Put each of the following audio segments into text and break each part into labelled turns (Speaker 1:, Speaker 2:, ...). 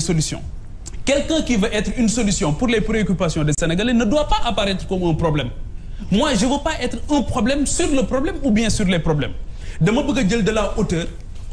Speaker 1: solutions. solution. Quelqu'un qui veut être une solution pour les préoccupations des Sénégalais ne doit pas apparaître comme un problème. Moi, je ne veux pas être un problème sur le problème ou bien sur les problèmes. De de la hauteur,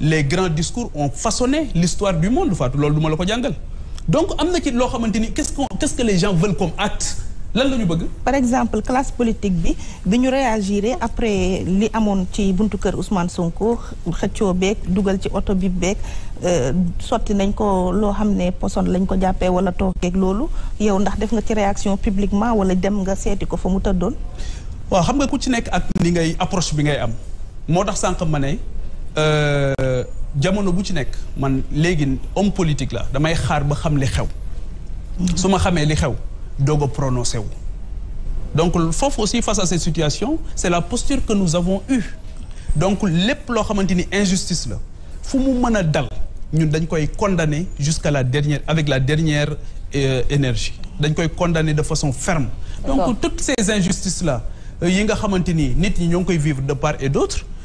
Speaker 1: les grands discours ont façonné l'histoire du monde donc qu'est-ce que les gens veulent comme acte par exemple classe politique bi bi après li buntu Ousmane Sonko xëccio duggal ci auto bi ont euh, soti nañ ko qui xamné lañ ko ont wala ak lolu, yow ndax réaction publiquement wala dem nga ko fa mu approche euh, jamono bu ci nek man homme politique la damay xaar ba xam li xew. suma xamé li xew dogo a wu. donc fofu aussi face à cette situation c'est la posture que nous avons eue donc lepp lo xamanteni injustice la fu mu dal ñun dañ koy condamner jusqu'à la dernière avec la dernière euh, énergie dañ koy condamner de façon ferme. donc toutes ces injustices là euh, yi nga xamanteni nit ñi vivre de part et d'autre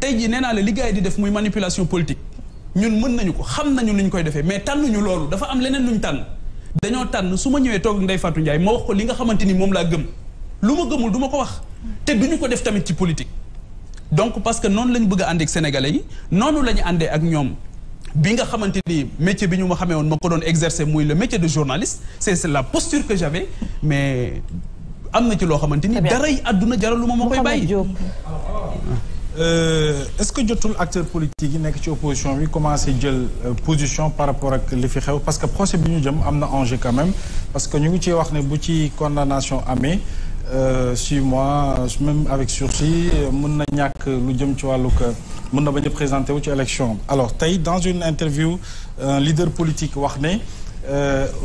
Speaker 1: tey jii nee naa la li gars yi di def muy manipulation politique ñun mën nañu ko xam nañu lu ñu koy defee mais tànn ñu loolu dafa am leneen lu ñu tànn dañoo tànn su ma ñëwee toog Ndeye Fatou Ndiaye ma wax ko li nga xamante ni moom laa gëm lu ma gëmul duma ko wax te duñu ko def tamit ci politique donc parce que noonu lañu bëgg a àndee ak sénégalais yi noonu lañu àndee ak ñoom bi nga xamante ni métier bi ñu ma xamee woon ma ko doon exercer muy le métier de journaliste c'est la posture que j'avais mais am na ci loo xamante ni daray àdduna jaraluma ma koy bàyyi Euh, est-ce que jotul acteur politique
Speaker 2: qui sont en opposition se commencé jël euh, position par rapport à l'effet parce que le procès bi ñu jëm un enjeu quand même parce que nous, avons ciy wax ne bu ci condamnation amee euh, moi, même avec sursis nous avons ñàkk lu jëm ci que mën na alors dans une interview un leader politique wax dit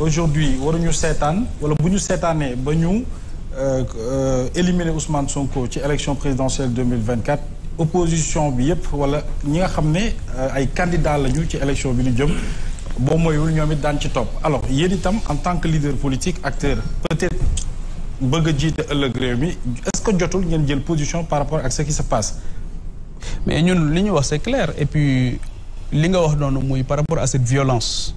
Speaker 2: aujourd'hui nous avons wala bu ñu ans, ba ñu éliminé Ousmane Sonko ci élection présidentielle 2024 opposition bi wala nga euh, candidats lañu élection bi alors en tant que leader politique acteur peut-être est-ce que
Speaker 1: jotul jël position par rapport à ce qui se passe. mais ñun c'est clair et puis li par rapport à cette violence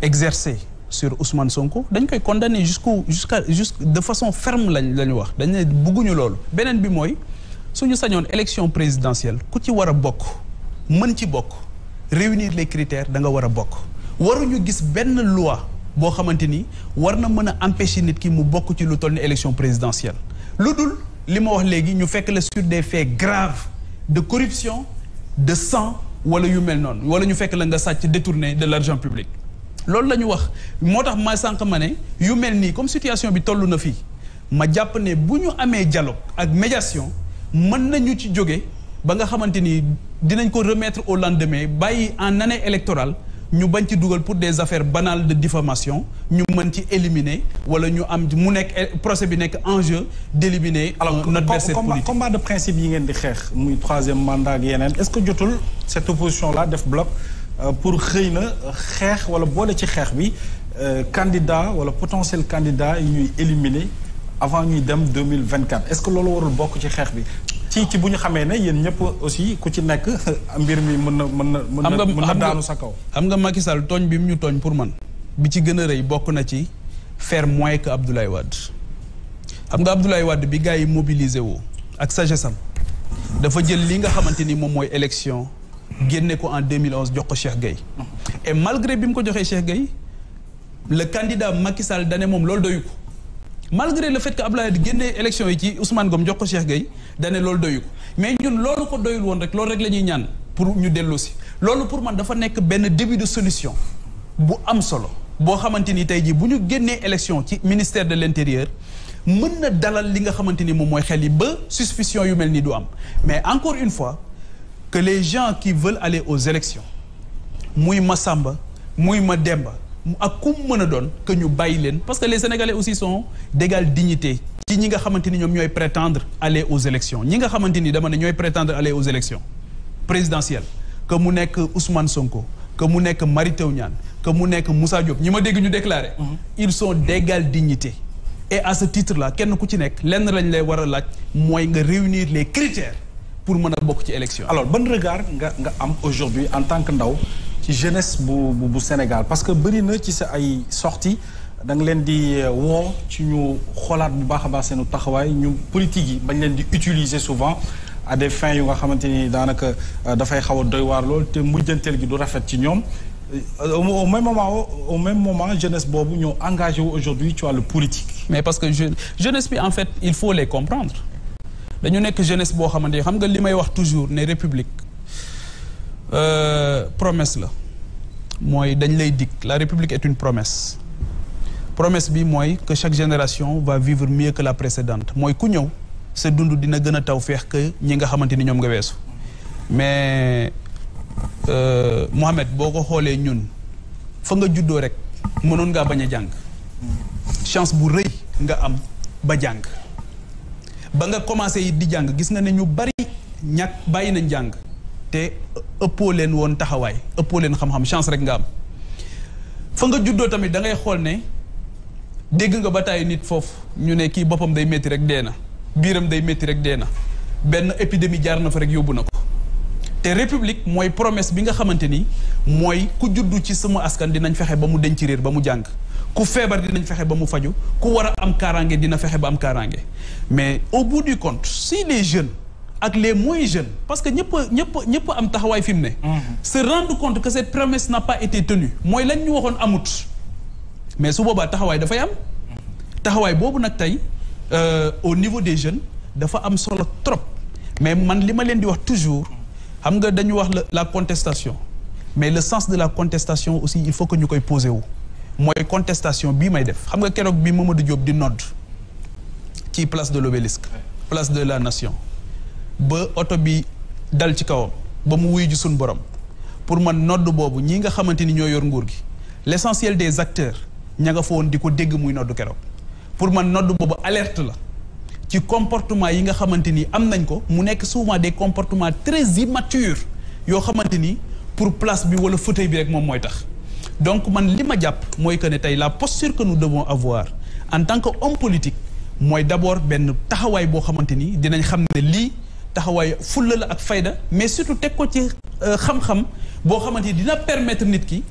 Speaker 1: exercée sur Ousmane Sonko dañ koy condamner jusqu'au jusqu'à de façon ferme lañ la wax dañ suñu sañoon élection présidentielle ku ci war a bokk ci bokk réunir les critères da nga war a bokk waruñu gis benn loi boo xamante ni war na mën a empêcher nit ki mu bokk ci lu toll ni élection présidentielle lu dul li ma wax léegi ñu fekk la sur des faits graves de corruption de sang wala yu mel noonu wala ñu fekk la nga sàcc détourné de l'argent public loolu la ñu wax moo ma sànq ma ne yu mel nii comme situation bi toll na fii ma jàpp ne bu ñu dialogue ak médiation nous nañu ci jóge ba nga remettre au lendemain en année électorale nous bañ ci pour des affaires banales de diffamation Nous mën ci éliminer wala ñu am mu nekk procès bi jeu d'éliminer notre adversaire politique combat de principe yi ngeen di xeex muy troisième mandat de est-ce que jotul cette
Speaker 2: opposition là def bloc euh, pour xëy na xeex ou boole ci xeex bi euh, candidat potentiel candidat il ñuy éliminer avant ñuy dem 2024 est-ce que loolu warul bokk ci xeex bi ci ci bu ñu xamee ne yéen ñëpp aussi ku ci nekk mbir mi mën
Speaker 1: na mën na mën na mën na daanu sa kaw xam nga Macky Sall tooñ bi mu ñu tooñ pour man bi ci gën a rëy bokk na ci faire moins que Abdoulaye Wade xam nga Abdoulaye Wade bi gars yi mobilisé woo ak sagesse dafa jël li nga xamante ni moom mooy élection génne ko en 2011 jox ko Cheikh Gueye et malgré bi mu ko joxee Cheikh Gueye le candidat Macky Sall dane moom loolu doyu ko malgré le fait que Abdoulaye di génnee élection ci Ousmane Ngom jox ko Cheikh Gueye dane loolu doyu mais ñun l'ol ko doyul woon rek les rek la ñaan pour ñu dellu si pour man dafa nekk benn début de solution bu am solo boo xamante ni tey jii bu ñu génnee élection ci ministère de l'intérieur nous na dalal li nga xamante ni moom mooy xel yi ba yu du mais encore une fois que les gens qui veulent aller aux élections muy Massamba muy Mademba ak ku mu mën que ñu parce que les sénégalais aussi sont d'égale dignité Si ñi nga ni prétendre aller aux élections ñi nga dama prétendre aller aux élections présidentielles que mu Ousmane Sonko que mu nekk Marie Teuw que mu nekk Moussa Diop nous ma mhm. ils sont d'égale dignité et à ce titre là qu'est-ce ci nous avons lañ lay réunir les critères pour mën a élection alors bon regard
Speaker 2: aujourd'hui en tant que ndaw ci jeunesse bu bu Sénégal parce que bari na ci sa ay sortie da nga leen di euh, woo ci ñu xoolaat bu baax baax seenu taxaway ñu politique yi bañ len di utiliser souvent à des fins yu nga xamanteni danaka euh, da fay xaw a doy waar lool te mujjanteel gi du rafet ci ñom euh, au même moment au même moment jeunesse bobu
Speaker 1: ñoo engagé wu aujourd'hui ci le politique. mais parce que je jeunesse bi en fait il faut les comprendre dañu nek jeunesse bo xamante xam nga limay wax toujours né république. Euh, promesse la mooy dañ lay dikk la république est une promesse promesse bi mooy que chaque génération va vivre mieux que la précédente mooy ku ñëw sa dund dina gën a taw feex que ñi nga xamante ni ñoom nga weesu mais euh, Mohamed boo ko xoolee ñun fa nga juddoo rek mënoon ngaa bañ a jàng chance bu rëy nga am ba jàng ba nga commencé yi di jàng gis nga ne ñu bari ñàkk bàyyi nañ jàng te ëppoo leen woon taxawaay ëppoo leen xam-xam chance rek nga am fa nga juddoo tamit da ngay xool ne dégg nga ba tàyyi nit foofu ñu ne kii boppam day métti rek dee na biiram day métti rek dee na benn épidémie jaar na fa rek yóbbu na ko te république mooy promesse bi nga xamante ni mooy ku juddu ci sama askan dinañ fexe ba mu denc réer ba mu jàng ku feebar dinañ fexe ba mu faju ku war a am kaaraange dina fexe ba am kaaraange mais au bout du compte si jeunes ak les moins jeunes parce que pas ñëpp pas am pas fi ne. Mm-hmm. se rendre compte que cette promesse n'a pas été tenue moi lañ ñu waxoon amut mais su boobaa taxawaay dafay am. Mm-hmm. Tahawai boobu nag euh, au niveau des jeunes dafa am solo trop mais man li toujours xam nga dañu la contestation mais le sens de la contestation aussi il faut que ñu koy posé où moi contestation bi may def xam nga bi bi Mamadou Diop di nord qui place de l'obélisque place de la nation. ba oto bi dal ci kawam ba mu wuyu ji suñ borom pour man nodd boobu ñi nga xamante ni ñoo yor nguur gi l'essentiel des acteurs ña nga fa woon di ko dégg muy nodd keroog pour man nodd boobu alerte la ci comportement yi nga xamante ni am nañ ko mu nekk souvent des comportements très immatures yoo xamante ni pour place bi wala fauteuil bi rek moom mooy tax donc man li ma jàpp mooy que ne tey la posture que nous devons avoir en tant que homme politique mooy d'abord benn taxawaay boo xamante ni dinañ xam lii taxaway fulla ak fayda mais surtout tek ko ci euh, xam-xam bo xamanteni ni dina permettre nit ki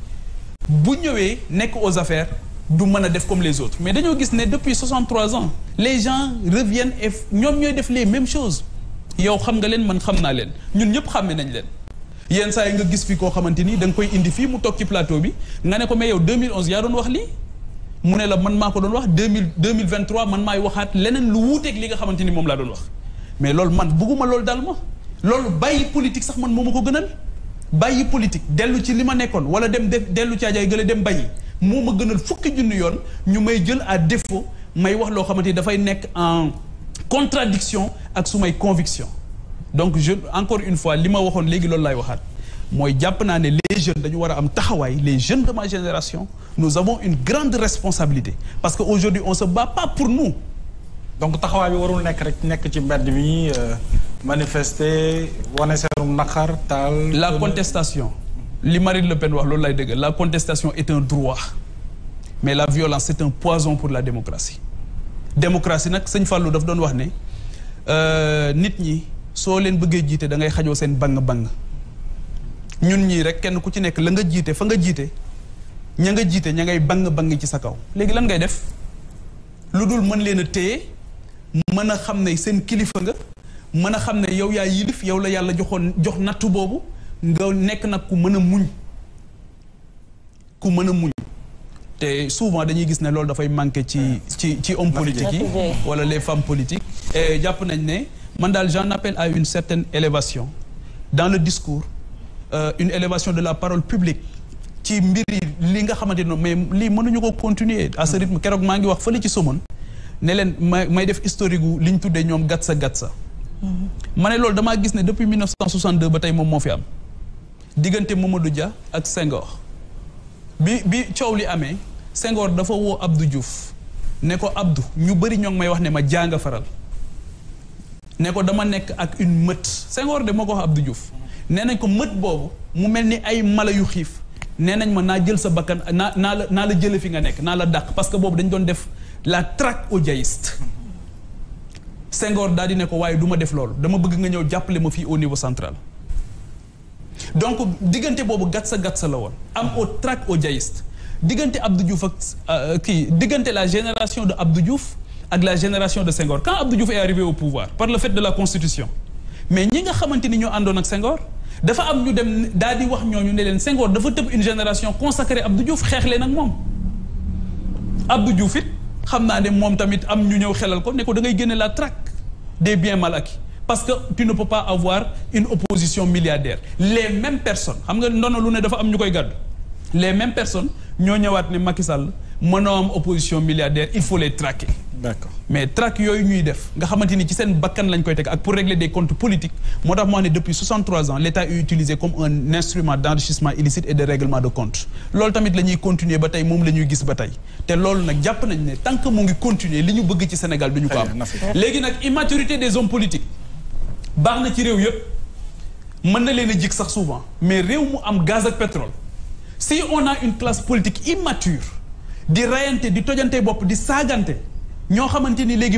Speaker 1: bu ñëwé nek aux affaires du mëna def comme les autres mais dañu gis né depuis 63 ans les gens reviennent et ñom ñoy def les mêmes choses yow xam nga leen man xam na leen ñun ñëpp xamé nañ leen yeen say nga gis fi ko xamanteni dang koy indi fi mu tok ci plateau bi nga ne ko mais yow 2011 ya doon wax li mu ne la man mako doon wax 2000 2023 man may waxat leneen lu wuuteeg li nga xamanteni mom la doon wax mais lol man que lol dal ma politique sax man gënal politique ci wala dem ci dem gënal à défaut may wax nekk en contradiction ak sumay conviction donc je encore une fois lima légui les jeunes les jeunes de ma génération nous avons une grande responsabilité parce qu'aujourd'hui on se bat pas pour nous donc taxawaay bi warul nek rek nek ci mbedd mi euh, manifester wane seenum nakar tal la contestation li Marine Le Pen wax lolou lay deug la contestation est un droit mais la violence c'est un poison pour la démocratie démocratie nak seigne Fallou daf doon wax euh nit ñi so leen bëggé jité da ngay xajoo sen bang-bang ñun ñi rek kenn ku ci nek la nga jité fa nga jité ña nga jité ña ngay bang-bang ci sa kaw légui lan ngay def lu mën leen mën xamné xam seen kilifa nga mën xamné yow yaa yilif yow la yalla joxone jox natou bobu nga nek nag ku mën muñ ku mën muñ té souvent dañuy gis né ne da fay manké ci ci ci homme politique wala les femmes politiques et japp nañ né man dal j'en appelle à une certaine élévation dans le discours euh, une élévation de la parole publique ci mbiri li nga xamante mais li mënuñu ko continuer à ce hmm. rythme kérok ma ngi wax fële ci Somone ne leen may def historique wu li gatsa gatsa. mané lool dama gis né depuis 1962 ba tay mom mo fi am digënté Mamadou Dia ak Senghor bi bi ciowli amé sengor, Senghor dafa wo Abdou Diouf né ko Abdou ñu bari ñong may wax ne ma jaa faral né ko dama nek ak une meute Senghor de mako wax Abdou Diouf né nañ ko meute bobu mu melni ay mala yu xif né nañ ma na jël sa bakkan na na la jël fi nga nek na la dakk parce que bobu dañ doon def. la traque oudiaïste Senghor Dadi ne ko waaye du ma def loolu dama bëgg nga ñëw jàppale ma fi au niveau central donc diggante boobu gatsa gatsa la won am au traque oudiaïste diggante Abdou Diouf ak euh, la génération de Abdou Diouf ak la génération de Senghor quand Abdou Diouf est arrivé au pouvoir par le fait de la constitution mais ñi nga xamante ni ñoo ak Senghor dafa am ñu dem Dadi, di wax ñooñu ne leen Senghor dafa tëb une génération consacrée Abdou Diouf xeex leen ak Abdou Diouf xam naa ne moom tamit am ñu ñëw xelal ko ne ko da ngay la traque des biens mal acquis parce que tu ne peux pas avoir une opposition milliardaire les mêmes personnes xam nga ndono lu ne dafa am ñu koy les mêmes personnes ñoo ñëwaat ne Macky Sall mënoo am opposition milliardaire il faut les traquer d'accord mais traque yoy ñuy def nga xamanteni ci sen bakkan lañ koy tek ak pour régler des comptes politiques motax depuis 63 ans l'État est utilisé comme un instrument d'enrichissement illicite et de règlement de comptes. lool tamit lañuy continuer ba tey moom la ñuy gis ba tey te loolu nañ né tant que mo ngi continuer liñu bëgg ci Sénégal duñu ko am légui immaturité des hommes politiques baax na ci réew yëpp mën na leen sax souvent mais réew mu am gaz ak pétrole si on a une classe politique immature di rayante di tojanté bop di saganté ñoo xamante ni léegi